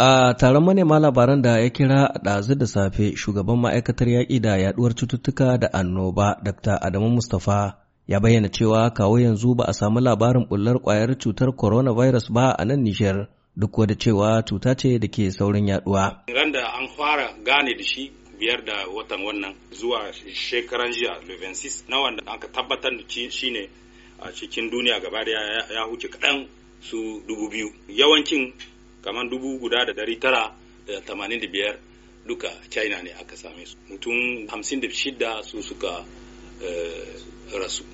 A taron manema labaran da ya kira ɗazu da safe shugaban ma'aikatar yaƙi da yaɗuwar cututtuka da annoba Dr. Adamu Mustapha ya bayyana cewa kawo yanzu ba a samu labarin bullar ƙwayar cutar coronavirus ba a nan Nijar duk da cewa cuta ce da ke saurin yaɗuwa. Ran da an fara gane da shi biyar da watan wannan zuwa shekaran jiya Levensis na wanda aka tabbatar da shi ne a cikin duniya gaba ya huce kaɗan su dubu biyu. Yawancin kamar dubu guda da dari tara da tamanin da biyar duka china ne aka same su mutum hamsin da shida su suka eh, rasu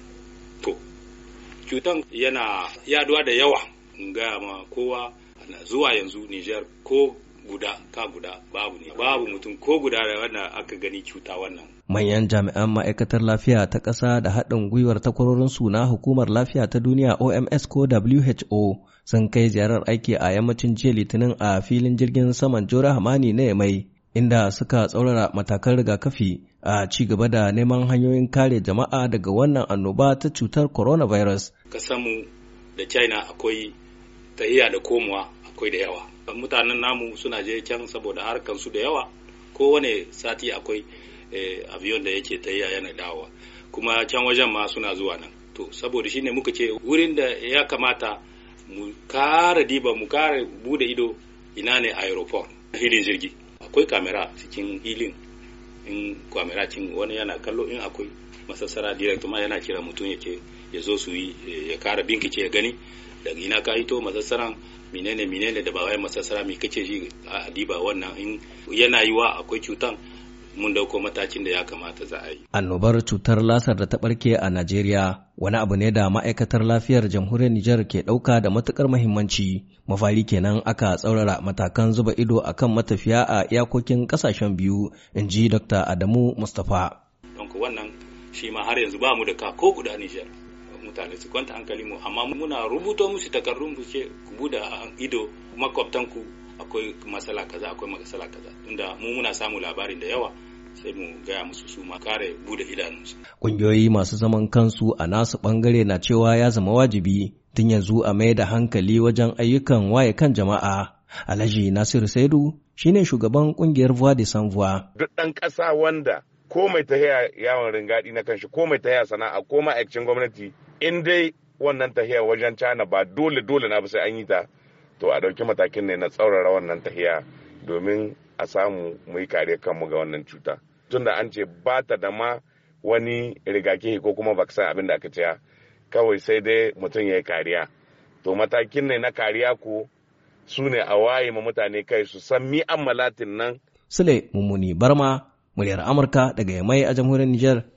to cutan yana yaduwa da yawa gaya ma kowa zuwa yanzu niger ko guda ka guda babu ne babu mutum ko guda da wannan aka gani cuta wannan manyan jami'an ma'aikatar lafiya ta ƙasa da haɗin gwiwar takwarorin suna hukumar lafiya ta duniya oms ko who sun kai ziyarar aiki a yammacin jiya litinin a filin jirgin saman jora hamani na yamai inda suka tsaurara matakan rigakafi a ci gaba da neman hanyoyin kare jama'a daga wannan annoba ta cutar coronavirus. Kasanmu da China akwai ta iya da komowa akwai da yawa mutanen namu suna je can saboda harkan su da yawa kowane sati akwai eh, aviyon da yake tahiya yana dawowa kuma can wajen ma suna zuwa nan to saboda shine muka ce wurin da ya kamata mu kara diba mu kara bude ido ina ne aeroport hilin jirgi akwai kamera cikin hilin in kamera cin wani yana kallo in akwai masassara direct ma yana kira mutum yake ya zo su yi ya kara binkice ya gani daga ina ka hito masassaran menene menene da ba wai masassara me kace shi a diba wannan in yana yiwa akwai cutan mun dauko matakin da ya kamata za a yi. Annobar cutar lasar da ta barke a Najeriya wani abu ne da ma'aikatar lafiyar jamhuriyar Nijar ke dauka da matukar muhimmanci. Mafari kenan aka tsaurara matakan zuba ido akan matafiya a iyakokin kasashen biyu, in ji Dr. Adamu Mustapha. Don wannan shi ma har yanzu ba mu da ka ko guda Nijar. mutane su kwanta hankali mu amma muna rubuto musu takardun mu ce ku buɗe ido makwabtan ku akwai matsala kaza akwai masala kaza tunda mu muna samu labarin da yawa sai mu gaya musu su ma kare bude idanunsu. Ƙungiyoyi masu zaman kansu a nasu bangare na cewa ya zama wajibi tun yanzu a mai da hankali wajen ayyukan waye kan jama'a. Alhaji Nasiru Saidu shine shugaban ƙungiyar voa de san voa Duk ɗan kasa wanda ko mai yawon ringadi na kanshi ko mai tahiya sana'a ko ma'aikacin gwamnati in dai wannan tahiya wajen china ba dole dole na sai an yi ta to a ɗauki matakin ne na tsaurara wannan tahiya domin a samu mu yi kare kanmu ga wannan cuta tunda an ce ba ta da ma wani rigakihi ko kuma vaccine abin da aka ciya kawai sai dai mutum ya yi kariya to matakin ne na kariya ko su ne a waye ma mutane kai su san mi malatin nan sule mummuni barma muryar amurka daga yamai a jamhuriyar nijar.